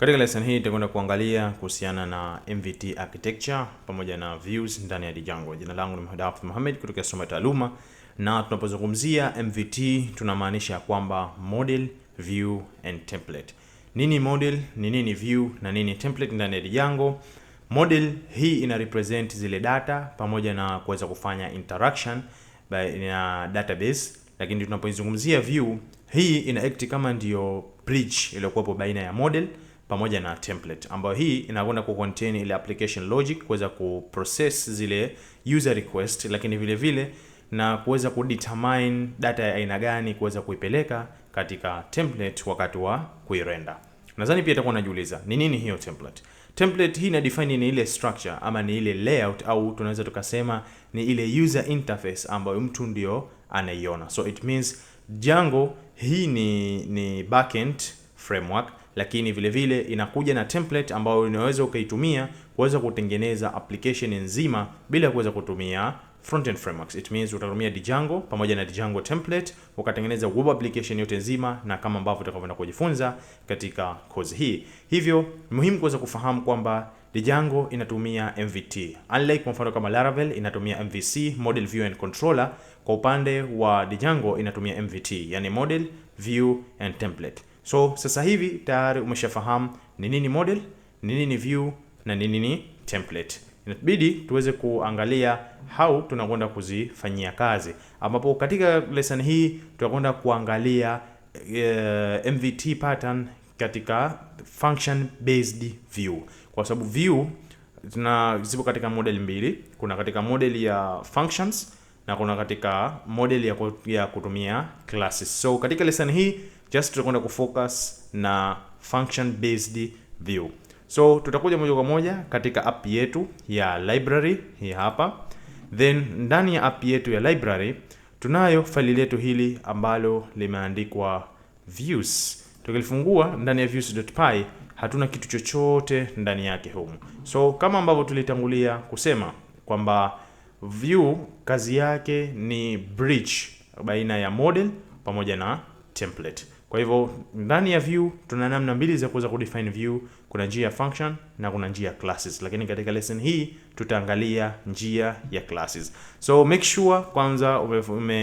Katika lesson hii tutakwenda kuangalia kuhusiana na MVT architecture pamoja na views ndani ya Django. Jina langu ni Mhadaf Mohamed kutoka Soma Taaluma, na tunapozungumzia MVT tunamaanisha kwamba model, view and template. Nini model, ni nini view na nini template ndani ya Django? Model hii ina represent zile data pamoja na kuweza kufanya interaction by na database, lakini tunapoizungumzia view, hii ina act kama ndio bridge iliyokuwepo baina ya model pamoja na template ambayo hii inakwenda ku contain ile application logic kuweza ku process zile user request, lakini vile vile na kuweza ku determine data ya aina gani kuweza kuipeleka katika template wakati wa kuirenda. Nadhani pia itakuwa najiuliza ni nini hiyo template. Template hii ina define ni ile structure ama ni ile layout au tunaweza tukasema ni ile user interface ambayo mtu ndio anaiona. So it means Django hii ni, ni backend framework lakini vile vile inakuja na template ambayo unaweza ukaitumia kuweza kutengeneza application nzima bila kuweza kutumia front end frameworks. It means utatumia Django pamoja na Django template ukatengeneza web application yote nzima, na kama ambavyo tutakavyoenda kujifunza katika course hii. Hivyo muhimu kuweza kufahamu kwamba Django inatumia MVT unlike kwa mfano kama Laravel inatumia MVC, model view and controller. Kwa upande wa Django inatumia MVT, yani model view and template. So sasa hivi tayari umeshafahamu ni nini model, ni nini view na ni nini template. Inabidi tuweze kuangalia how tunakwenda kuzifanyia kazi, ambapo katika lesson hii tutakwenda kuangalia uh, eh, MVT pattern katika function based view, kwa sababu view tuna zipo katika model mbili, kuna katika model ya functions na kuna katika model ya kutumia classes. So katika lesson hii just tutakwenda kufocus na function based view. So tutakuja moja kwa moja katika app yetu ya library hii hapa, then ndani ya app yetu ya library tunayo faili letu hili ambalo limeandikwa views. Tukilifungua ndani ya views.py hatuna kitu chochote ndani yake humu. So kama ambavyo tulitangulia kusema kwamba view kazi yake ni bridge baina ya model pamoja na template. Kwa hivyo ndani ya view tuna namna mbili za kuweza kudefine view, kuna njia ya function na kuna njia ya classes, lakini katika lesson hii tutaangalia njia ya classes. So make sure kwanza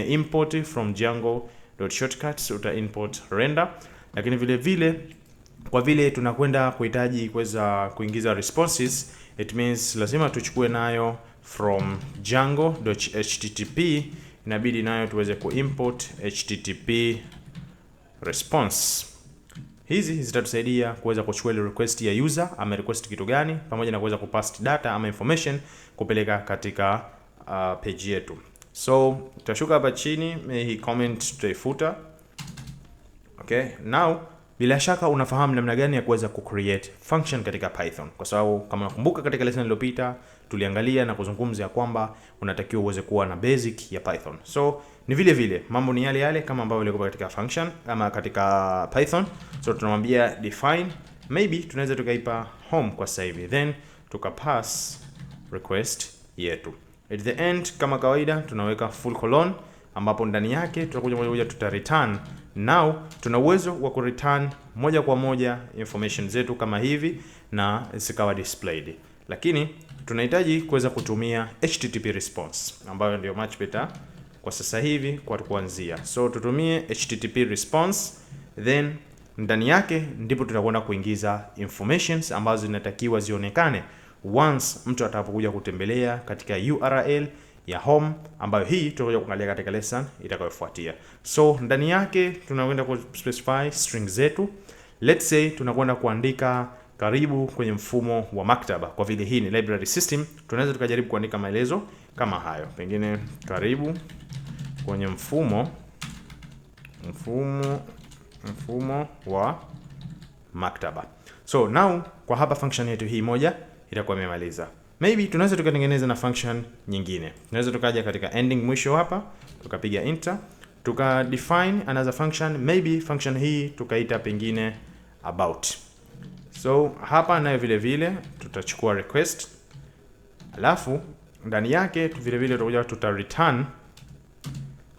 import from django.shortcuts, uta import render, lakini vile vile kwa vile tunakwenda kuhitaji kuweza kuingiza responses, it means lazima tuchukue nayo from django.http, inabidi nayo tuweze kuimport http response. Hizi zitatusaidia kuweza kuchukua ile request ya user ame request kitu gani, pamoja na kuweza kupast data ama information kupeleka katika uh, page yetu. So tutashuka hapa chini, hii comment tutaifuta. Okay, now bila shaka unafahamu namna gani ya kuweza kucreate function katika Python, kwa sababu kama unakumbuka katika lesson iliyopita tuliangalia na kuzungumza ya kwamba unatakiwa uweze kuwa na basic ya Python. So ni vile vile mambo ni yale yale kama ambavyo ilikuwa katika function ama katika Python. So tunamwambia define, maybe tunaweza tukaipa home kwa sasa hivi, then tukapass request yetu. At the end kama kawaida tunaweka full colon ambapo ndani yake tutakuja moja moja tuta return. Now tuna uwezo wa ku return moja kwa moja information zetu kama hivi na zikawa displayed, lakini tunahitaji kuweza kutumia http response ambayo ndio much better kwa sasa hivi kwa kuanzia, so tutumie http response then ndani yake ndipo tutakwenda kuingiza informations ambazo zinatakiwa zionekane once mtu atakapokuja kutembelea katika URL ya home ambayo hii tutakuja kuangalia katika lesson itakayofuatia. So ndani yake tunakwenda ku specify string zetu. Let's say tunakwenda kuandika karibu kwenye mfumo wa maktaba, kwa vile hii ni library system, tunaweza tukajaribu kuandika maelezo kama hayo, pengine karibu kwenye mfumo mfumo mfumo wa maktaba. So now kwa hapa function yetu hii moja itakuwa imemaliza maybe tunaweza tukatengeneza na function nyingine. Tunaweza tukaja katika ending mwisho hapa tukapiga enter tuka define another function, maybe function hii tukaita pengine about. So hapa nayo vile vile tutachukua request, alafu ndani yake vile vile tutakuja tuta return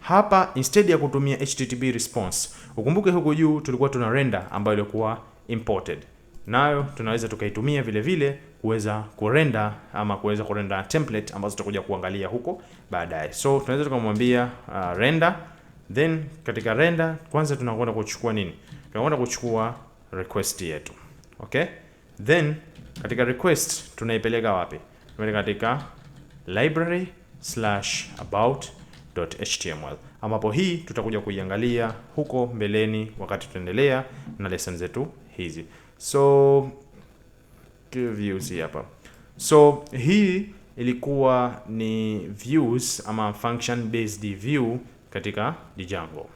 hapa instead ya kutumia http response. Ukumbuke huko juu tulikuwa tuna render ambayo ilikuwa imported, nayo tunaweza tukaitumia vile vile kuweza kurenda ama kuweza kurenda template ambazo tutakuja kuangalia huko baadaye. So tunaweza tukamwambia uh, render then katika render kwanza tunakwenda kuchukua nini? Tunakwenda kuchukua request yetu. Okay? Then katika request tunaipeleka wapi? Tunaipeleka katika library slash about .html ambapo hii tutakuja kuiangalia huko mbeleni wakati tutaendelea na lesson zetu hizi. So views hii hapa. So hii ilikuwa ni views ama function based view katika Django.